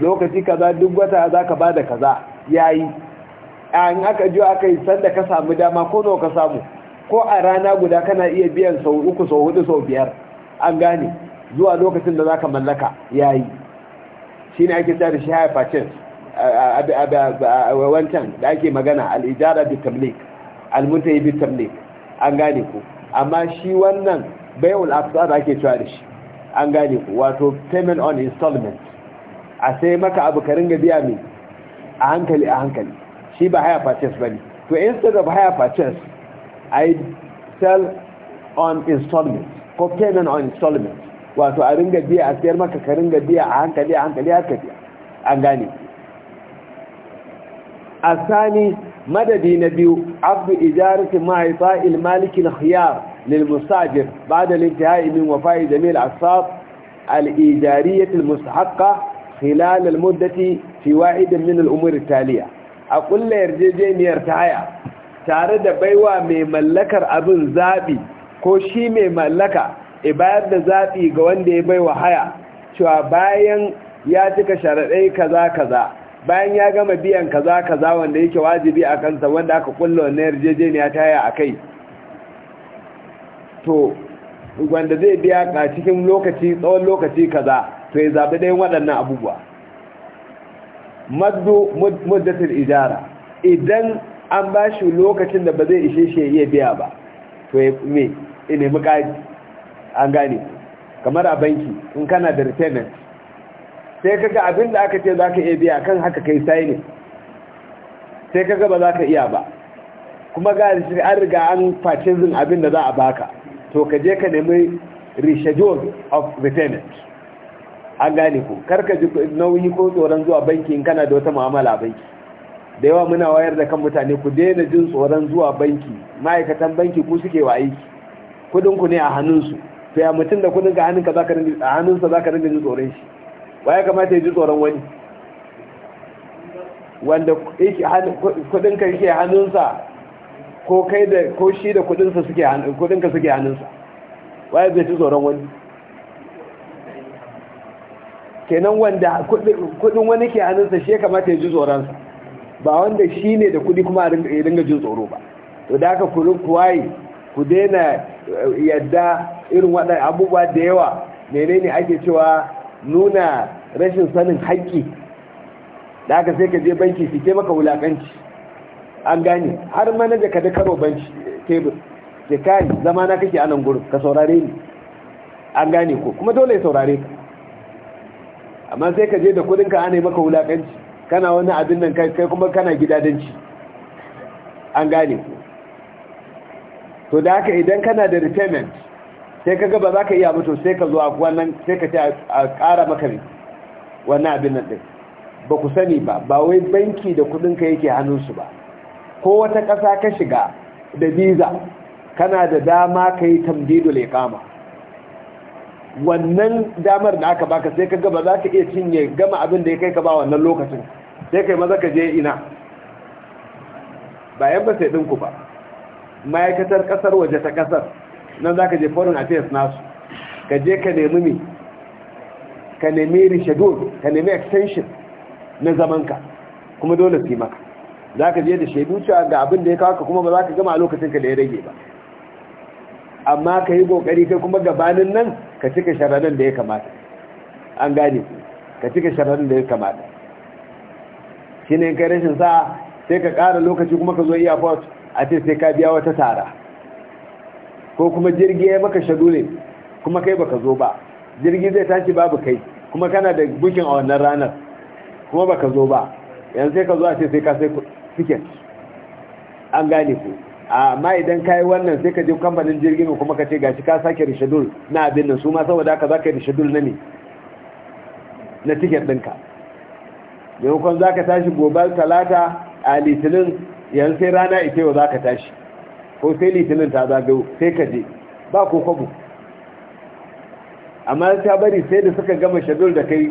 [SPEAKER 1] lokaci kaza duk wata za ka ba da kaza ya yi in aka jiyo aka yi sanda ka samu dama ko nawa ka samu ko a rana guda kana iya biyan sau uku sau hudu sau biyar an gane zuwa lokacin da zaka mallaka yayi ne ake tsari da shi cin a wancan da ake magana al'ijara bi tamlik al yi bi tamlik an gane ku amma shi wannan bayan al'asar ake cewa da shi an gane ku wato payment on installment a sai maka abu ka ringa biya mai a hankali a hankali shi ba haya purchase ba ne to instead of haya purchase i sell on installment ko payment on installment wato a ringa biya a sayar maka ka ringa biya a hankali a hankali har ka biya an gane asani madadi na biyu abdu ijarati ma'ita il maliki al-khiyar lil musajir ba'da al-intihai min wafa'i jami' al-asab al-ijariyah al-mustahaqqah خلال المدة في واحد من الأمور a kulla yarjejeniyar ta haya tare da baiwa mai mallakar abin zaɓi ko shi mai mallaka e bayar da zaɓi ga wanda ya baiwa haya cewa bayan ya cika sharaɗai kaza kaza bayan ya gama biyan kaza kaza wanda yake wajibi a kansa wanda aka kulla wannan yarjejeniya ta haya a kai to wanda zai biya a cikin lokaci tsawon lokaci kaza to ya zaɓi ɗayan waɗannan abubuwa maddu muddatul ijara idan an ba shi lokacin da ba zai ishe shi ya biya ba to me ya nemi ƙari an gane kamar a banki in kana da retainer sai kaga abin da aka ce za ka iya biya kan haka kai sai ne sai kaga ba za ka iya ba kuma ga shi an riga an facin abin da za a baka to ka je ka nemi reschedule of retainer an gane ku karka ji nauyi ko tsoron zuwa banki in kana da wata mu'amala banki da yawa muna wayar da kan mutane ku daina jin tsoron zuwa banki ma'aikatan banki ku suke wa aiki kudin ku ne a hannunsu to ya mutum da kudin ka hannunka zaka ringa a hannunsa zaka ringa jin tsoron shi waye kamata ya ji tsoron wani wanda kudin ka yake hannunsa ko kai da ko shi da kudin sa suke suke hannunsa waye zai ji tsoron wani kenan wanda kudin wani ke hannunsa shi ya kamata ya ji tsoronsa ba wanda shi ne da kudi kuma ya dinga jin tsoro ba to da aka kudin kuwai ku daina eh, yadda irin waɗanda abubuwa da yawa menene ake cewa nuna rashin sanin haƙƙi da aka sai ka je banki su ke maka wulaƙanci an gane har manaja ka da karo banki tebur sai kai zama na kake anan gurin ka saurare ni an gane ko kuma dole ya saurare ka amma sai ka je da kudin ka ana maka wulakanci kana wani abin nan kai kuma kana gidadanci an gane ku to da haka idan kana da retirement sai ka gaba za ka iya mutu sai ka zo a wannan sai ka ce a ƙara maka ne wannan abin nan ɗin ba ku sani ba ba wai banki da kudinka yake hannunsu ba ko wata ƙasa ka shiga da visa kana da dama ka yi tambidu laiƙama wannan damar da aka baka sai kaga ba za ka iya cinye gama abin da ya kai ka ba wannan lokacin sai kai maza ka je ina ba ba sai ɗinku ba ma'aikatar ƙasar waje ta ƙasar nan za ka je foreign affairs nasu ka je ka nemi mi ka nemi rishadun ka nemi extension na zamanka kuma dole su yi maka za ka je da shaidu cewa ga abin da ya kawo ka kuma ba za ka gama a lokacin ka da ya rage ba amma ka yi ƙoƙari kai kuma gabanin nan ka cika sharaɗin da ya kamata an gane ku ka cika sharaɗin da ya kamata shi ne kai rashin sa sai ka ƙara lokaci kuma ka zo iya fort a ce sai ka biya wata tara ko kuma jirgi ya maka ne, kuma kai baka zo ba jirgi zai tashi babu kai kuma kana da bukin a wannan ranar kuma baka zo ba yanzu sai ka zo a ce sai ka sai tiket an gane ku amma idan ka yi wannan sai ka je kamfanin jirgin kuma ka ce gashi ka sake rishadul na abin nan su ma saboda haka za ka yi rishadul na ne na tiket ɗinka maimakon za ka tashi gobal talata a litinin yanzu sai rana ita yau za ka tashi ko sai litinin ta zagayo sai ka je ba ko kwabo amma ta bari sai da suka gama shadul da kai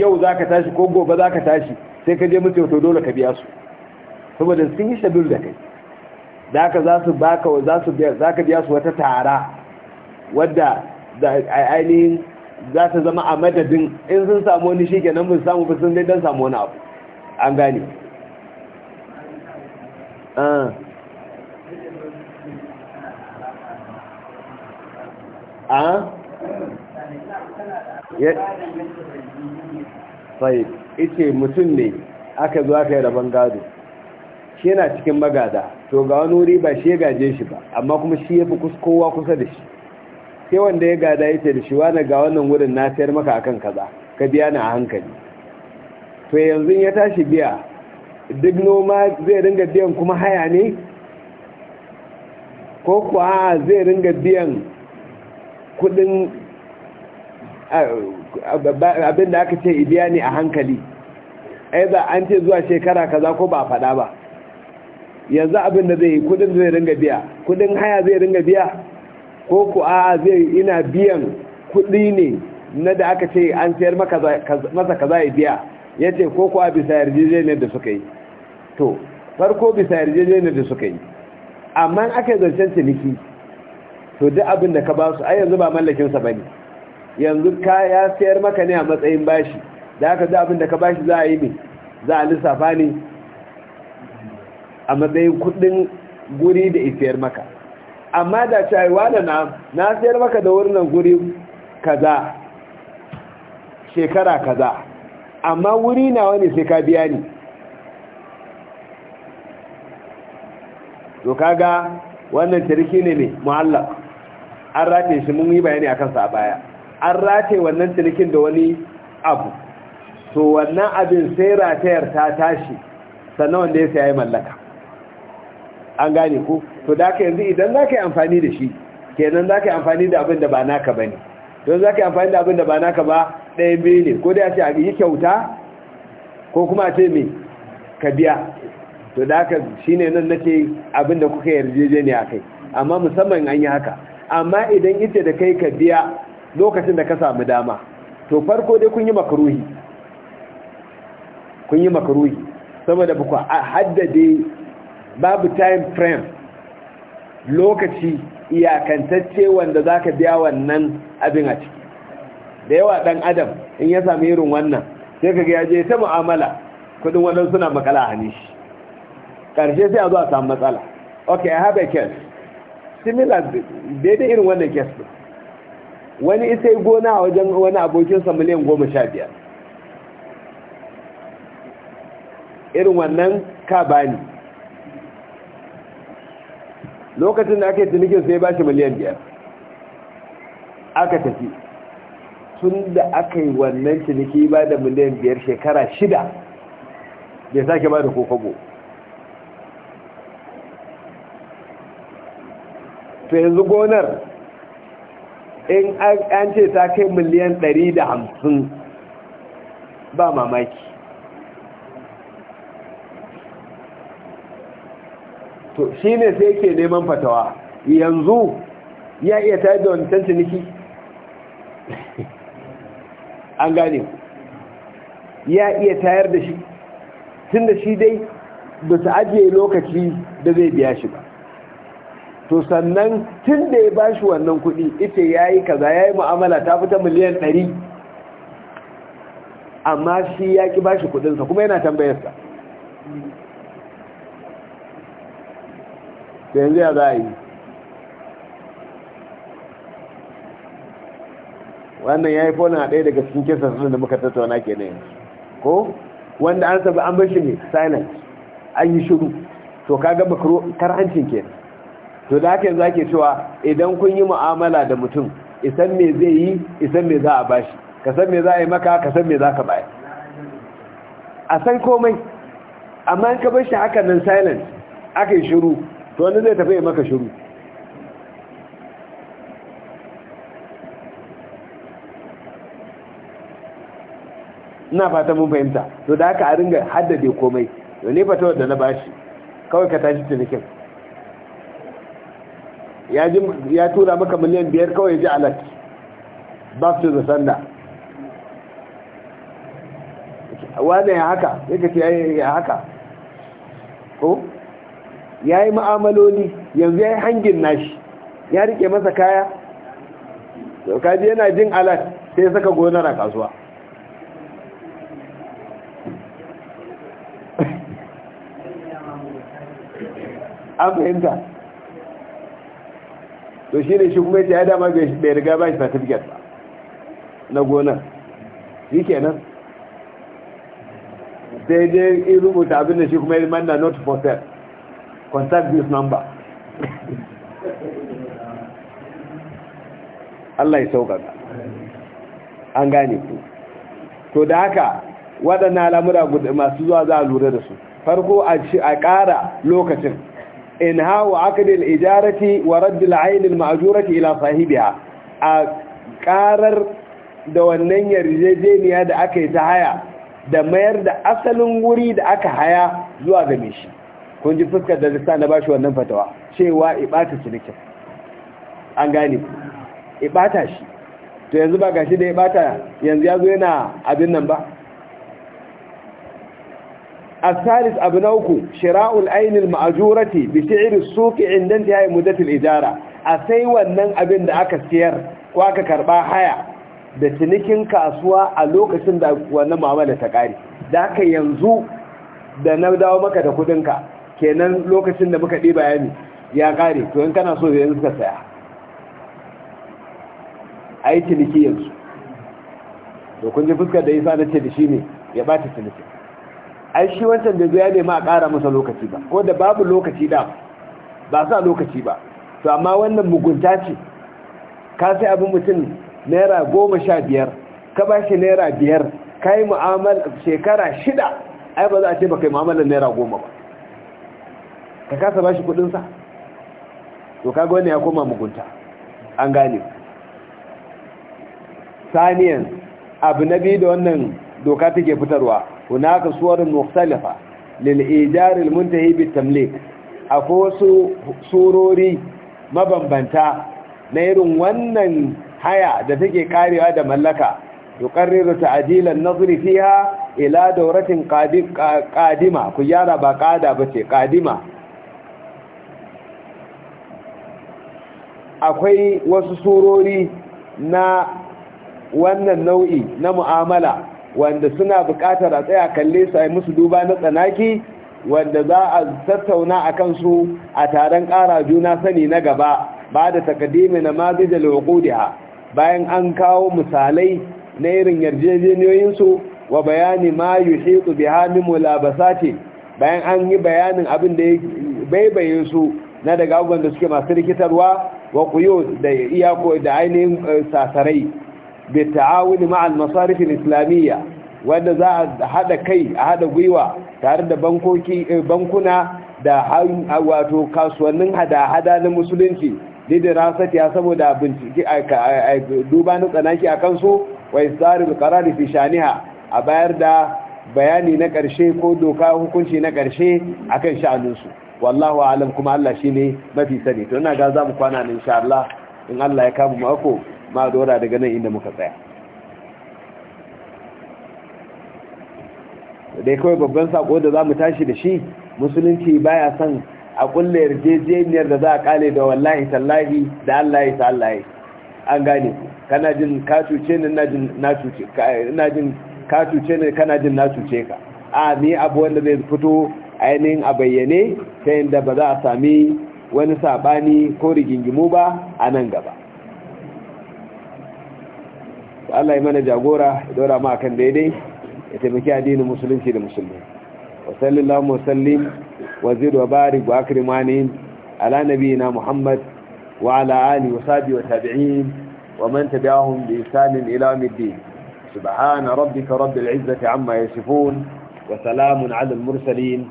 [SPEAKER 1] yau za ka tashi ko gobe za ka tashi sai ka je mutu yau to dole ka biya su saboda sun yi shadul da kai da za su baka za su za ka biya su wata tara wadda da ainihin za ta zama a madadin in sun samu wani shi kenan mun samu ba sun dai dan samu wani abu an gane ah. Ah? Ya sai mutum ne aka zuwa aka yi rabon gado shi yana cikin magada to ga wani wuri ba shi ya gaje shi ba amma kuma shi ya fi kowa kusa da shi sai wanda ya gada ya ce da shi wani ga wannan wurin na sayar maka akan kaza ka biya na a hankali to yanzu ya tashi biya duk noma zai ringa biyan kuma haya ne ko kuwa zai ringa biyan kudin abin da aka ce ibiya ne a hankali ai ba an ce zuwa shekara kaza ko ba faɗa ba yanzu abin da zai yi kudin zai ringa biya kudin haya zai ringa biya ko ku a zai ina biyan kudi ne na da aka ce an sayar masa kaza ya biya ya ce ko ku a bisa yarjejeniyar da suka yi to farko bisa yarjejeniyar da suka yi amma aka yi zancen ciniki to duk abin da ka ba su ai yanzu ba mallakinsa ba ne yanzu ka ya sayar maka ne a matsayin bashi da aka za abin da ka bashi za a yi ne za a lissafa ne a matsayin kudin guri da isiyar maka amma da cewa da na na siyar maka da wurin guri kaza shekara kaza amma wuri na wani sai ka biya ni to kaga wannan ciniki ne ne mu'allaq an rataye shi mun yi bayani akan sa a baya an rataye wannan cinikin da wani abu to wannan abin sai ratayar ta tashi sannan wanda ya sai ya mallaka an gane ku to da ka yanzu idan za ka yi amfani da shi kenan za ka yi amfani da abin da ba naka ba ne don za ka yi amfani da abin da ba naka ba ɗaya biyu ne ko da ya ce a yi kyauta ko kuma a ce me ka biya to da ka shi ne nan nake abin da kuka yarjejeniya a kai amma musamman an yi haka amma idan ita da kai ka biya lokacin da ka samu dama to farko dai kun yi makaruhi kun yi makaruhi saboda ba ku haddade babu time frame lokaci iyakantacce wanda za ka biya wannan abin a ciki da yawa ɗan adam in ya sami irin wannan sai ka gaje je ta mu'amala kudin wannan suna makala a shi ƙarshe sai a zuwa samun matsala ok i have a case similar daidai irin wannan case ɗin wani ita yi gona a wajen wani abokinsa miliyan goma sha biyar irin wannan ka bani lokacin da aka yi tunikin sai ba shi miliyan biyar aka tafi tun da aka yi wannan ciniki ba da miliyan biyar shekara shida ya sake ba da kofago to yanzu gonar in an ce ta kai miliyan ɗari da hamsin ba mamaki to shi ne sai yake neman fatawa yanzu ya iya tayar da wancan ciniki an gane ya iya tayar da shi tun da shi dai ba ta ajiye lokaci da zai biya shi ba to sannan tun da ya ba shi wannan kuɗi ita ya yi kaza ya yi mu'amala ta fita miliyan ɗari amma shi ya ƙi ba shi kuɗinsa kuma yana tambayarsa da yanzu ya za a yi wannan ya yi fona ɗaya daga cikin kesa sun da muka tattauna ke na yanzu ko wanda an sabu an bashi ne silent an yi shiru to ka bakro karhancin ke to da haka yanzu ake cewa idan kun yi mu'amala da mutum isan me zai yi isan me za a bashi ka san me za a yi maka ka san me za ka bayar a san komai amma in ka bar shi haka nan silent aka yi shiru to wani zai tafi maka shiru ina fata mun fahimta to da haka a ringa haddade komai to ne fata wadda na bashi kawai ka tashi tunikin. ya tura maka miliyan biyar kawai ya ji alat back to the sanda wane ya haka ya ya haka ko ya yi ma'amaloli yanzu ya yi hangin nashi ya rike masa kaya kaji yana jin alat sai saka gonar a kasuwa an fahimta to shi ne shi kuma ya dama bai riga ba shi certificate ba na gonar shi kenan sai dai in rubuta abin da shi kuma ya manna not for sale contact this number Allah ya ka, an gane ku to da haka waɗannan al'amura masu zuwa za a lura da su farko a ƙara lokacin in hawa akadil ijarati wa raddil ainil ma'ajurati ila sahibiha a ƙarar da wannan yarjejeniya da aka yi ta haya da mayar da asalin wuri da aka haya zuwa game shi kun ji fuskar da zista na bashi wannan fatawa cewa ibata an gane ibata shi to yanzu ba gashi da ibata yanzu ya zo yana abin nan ba asalis abu na uku shira'ul ainihin ma'ajurati bi shi'iri suke indanta ya yi ijara a sai wannan abin da aka siyar ko aka karba haya da cinikin kasuwa a lokacin da wannan ma'amala ta kare da aka yanzu da na dawo maka da ka kenan lokacin da muka ɗiba ya ya ƙare to in kana so yanzu ka saya a yi ciniki yanzu to kun ji fuskar da isa na ce da shi ne ya ba ta ciniki ai shi wancan da ya nema a ƙara masa lokaci ba ko da babu lokaci da ba sa lokaci ba to amma wannan mugunta ce ka sai abin mutum naira goma sha biyar ka ba shi naira biyar ka yi mu'amala shekara shida ai ba za a ce ba kai mu'amalar naira goma ba ka kasa ba shi kudinsa to kaga wani ya koma mugunta an gane saniyan abu na biyu da wannan doka take fitarwa ka suwarin mukhtalifa lil ijar al muntahi bit tamlik akwai wasu surori mabambanta na irin wannan haya da take karewa da mallaka yuqarriru ta'dil an fiha ila dawratin qadima ku yara ba qada bace qadima akwai wasu surori na wannan nau'i na mu'amala wanda suna buƙatar a tsaya kalle su a musu duba na tsanaki wanda za a tattauna a kansu a taron ƙara juna sani na gaba ba da takadimi na mazijal hukudiya bayan an kawo misalai na irin yarjejeniyoyinsu wa bayani ma yi shiƙu biha mulabasati bayan an yi bayanin abin da ya baibaye su na daga abubuwan da suke masu rikitarwa wa da iyako da ainihin eh, sasarai bi ta'awuni ma'al masarif islamiyya wanda za a hada kai a hada gwiwa tare da bankoki eh, bankuna da wato kasuwannin hada-hada na musulunci lidirasati a saboda bincike a duba na tsanaki a kansu wai tsarin karari fi shaniha a bayar da bayani na ƙarshe ko doka hukunci na ƙarshe akan sha'aninsu wallahu alam kuma Allah shine mafi sani to ina ga za mu kwana ne insha Allah in Allah ya kama mako ma dora daga nan inda muka tsaya dai kawai babban sako da za mu tashi da shi musulunci baya son a kulle yarjejeniyar da za a kale da wallahi tallahi da Allah ya tallahi an gane kana jin ka cuce ni na jin na cuce ka ina jin ka cuce ni kana jin na cuce ka a ni abu wanda zai fito ainihin a bayyane ta yadda ba za a sami wani saɓani ko rigingimu ba a nan gaba Allah ya mana jagora ya dora ma kan daidai ya taimaki addinin musulunci da musulmi wa sallallahu wa sallim wa zid wa barik ala nabiyina muhammad wa ala ali wa sahbihi wa tabi'in wa man tabi'ahum bi ihsan ila yawmiddin subhana rabbika rabbil izzati amma yasifun wa salamun ala mursalin